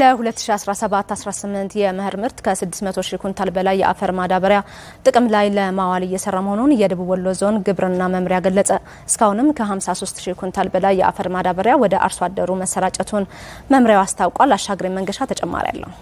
ለ2017-18 የመኸር ምርት ከ600 ሺህ ኩንታል በላይ የአፈር ማዳበሪያ ጥቅም ላይ ለማዋል እየሰራ መሆኑን የደቡብ ወሎ ዞን ግብርና መምሪያ ገለጸ። እስካሁንም ከ53 ሺህ ኩንታል በላይ የአፈር ማዳበሪያ ወደ አርሶ አደሩ መሰራጨቱን መምሪያው አስታውቋል። አሻግሬ መንገሻ ተጨማሪ አለው።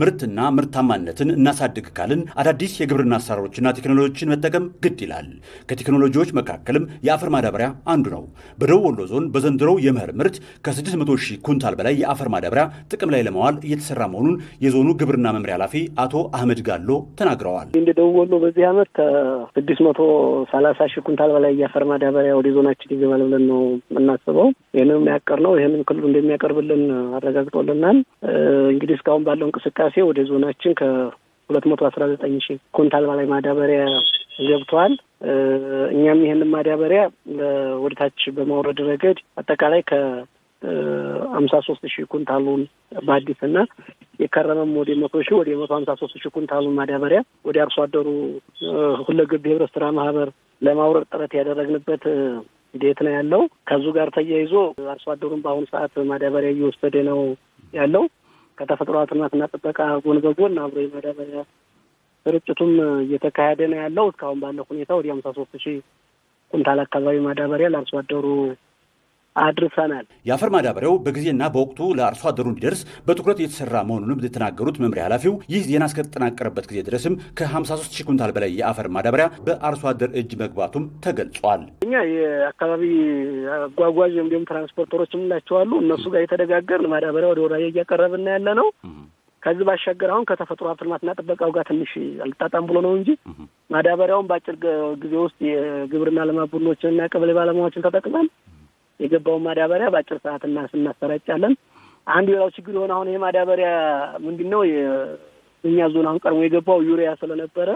ምርትና ምርታማነትን እናሳድግ ካልን አዳዲስ የግብርና አሰራሮችና ቴክኖሎጂዎችን መጠቀም ግድ ይላል። ከቴክኖሎጂዎች መካከልም የአፈር ማዳበሪያ አንዱ ነው። በደቡብ ወሎ ዞን በዘንድሮው የምህር ምርት ከ600 ሺህ ኩንታል በላይ የአፈር ማዳበሪያ ጥቅም ላይ ለመዋል እየተሰራ መሆኑን የዞኑ ግብርና መምሪያ ኃላፊ አቶ አህመድ ጋሎ ተናግረዋል። እንደ ደቡብ ወሎ በዚህ ዓመት ከ630 ሺህ ኩንታል በላይ የአፈር ማዳበሪያ ወደ ዞናችን ይገባል ብለን ነው የምናስበው። ይህንም ያቀር ነው። ይህንም ክልሉ እንደሚያቀርብልን አረጋግጦልናል። እንግዲህ እስካሁን ባለው እንቅስቃሴ እንቅስቃሴ ወደ ዞናችን ከሁለት መቶ አስራ ዘጠኝ ሺህ ኩንታል በላይ ማዳበሪያ ገብቷል። እኛም ይህንን ማዳበሪያ ወደታች በማውረድ ረገድ አጠቃላይ ከአምሳ ሶስት ሺህ ኩንታሉን በአዲስና የከረመም ወደ መቶ ሺህ ወደ መቶ ሀምሳ ሶስት ሺህ ኩንታሉን ማዳበሪያ ወደ አርሶ አደሩ ሁለገብ የህብረት ስራ ማህበር ለማውረድ ጥረት ያደረግንበት ሂደት ነው ያለው። ከዙ ጋር ተያይዞ አርሶ አደሩን በአሁኑ ሰዓት ማዳበሪያ እየወሰደ ነው ያለው። ከተፈጥሮ ልማትና ጥበቃ ጎን በጎን አብሮ የማዳበሪያ ስርጭቱም እየተካሄደ ነው ያለው። እስካሁን ባለው ሁኔታ ወደ ሀምሳ ሶስት ሺህ ኩንታል አካባቢ ማዳበሪያ ለአርሶ አደሩ አድርሰናል። የአፈር ማዳበሪያው በጊዜና በወቅቱ ለአርሶ አደሩ እንዲደርስ በትኩረት እየተሰራ መሆኑንም የተናገሩት መምሪያ ኃላፊው ይህ ዜና እስከተጠናቀረበት ጊዜ ድረስም ከ53 ሺህ ኩንታል በላይ የአፈር ማዳበሪያ በአርሶ አደር እጅ መግባቱም ተገልጿል። እኛ የአካባቢ አጓጓዥ ደግሞ ትራንስፖርተሮች የምንላቸዋሉ እነሱ ጋር የተደጋገርን ማዳበሪያ ወደ ወራዬ እያቀረብና ያለ ነው። ከዚህ ባሻገር አሁን ከተፈጥሮ ሀብት ልማትና ጥበቃው ጋር ትንሽ አልጣጣም ብሎ ነው እንጂ ማዳበሪያውን በአጭር ጊዜ ውስጥ የግብርና ልማት ቡድኖችንና ቀበሌ ባለሙያዎችን ተጠቅመን የገባውን ማዳበሪያ በአጭር ሰዓት እና ስናሰራጫለን። አንድ ሌላው ችግር የሆነ አሁን ይሄ ማዳበሪያ ምንድን ነው እኛ ዞን አሁን ቀድሞ የገባው ዩሪያ ስለነበረ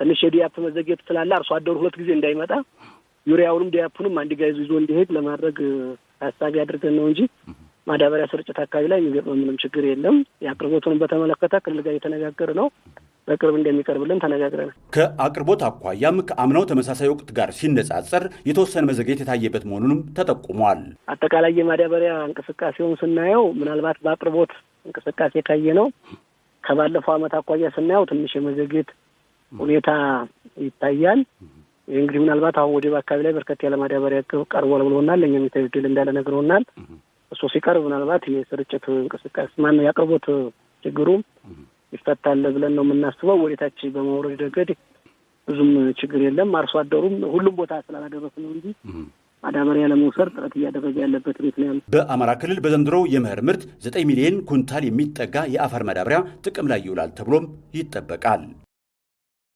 ትንሽ የዲያፕ መዘግየት ስላለ አርሶ አደሩ ሁለት ጊዜ እንዳይመጣ ዩሪያውንም ዲያፑንም አንድ ጋይዙ ይዞ እንዲሄድ ለማድረግ ታሳቢ አድርገን ነው እንጂ ማዳበሪያ ስርጭት አካባቢ ላይ የሚገጥመው ምንም ችግር የለም። የአቅርቦቱንም በተመለከተ ክልል ጋር እየተነጋገር ነው። በቅርብ እንደሚቀርብልን ተነጋግረናል። ከአቅርቦት አኳያም ከአምናው ተመሳሳይ ወቅት ጋር ሲነጻጸር የተወሰነ መዘግየት የታየበት መሆኑንም ተጠቁሟል። አጠቃላይ የማዳበሪያ እንቅስቃሴውን ስናየው ምናልባት በአቅርቦት እንቅስቃሴ የታየ ነው ከባለፈው ዓመት አኳያ ስናየው ትንሽ የመዘግየት ሁኔታ ይታያል። እንግዲህ ምናልባት አሁን ወደብ አካባቢ ላይ በርከት ያለ ማዳበሪያ ቀርቧል ብሎናል። ለእኛም የተብድል እንዳለ ነግሮናል። እሱ ሲቀርብ ምናልባት የስርጭት እንቅስቃሴ ማነው የአቅርቦት ችግሩ ይፈታል ብለን ነው የምናስበው። ወደታች በመውረድ ረገድ ብዙም ችግር የለም። አርሶ አደሩም ሁሉም ቦታ ስላላደረስ ነው እንጂ ማዳበሪያ ለመውሰድ ጥረት እያደረገ ያለበት ቤት ነው ያሉት። በአማራ ክልል በዘንድሮ የመኸር ምርት ዘጠኝ ሚሊዮን ኩንታል የሚጠጋ የአፈር ማዳበሪያ ጥቅም ላይ ይውላል ተብሎም ይጠበቃል።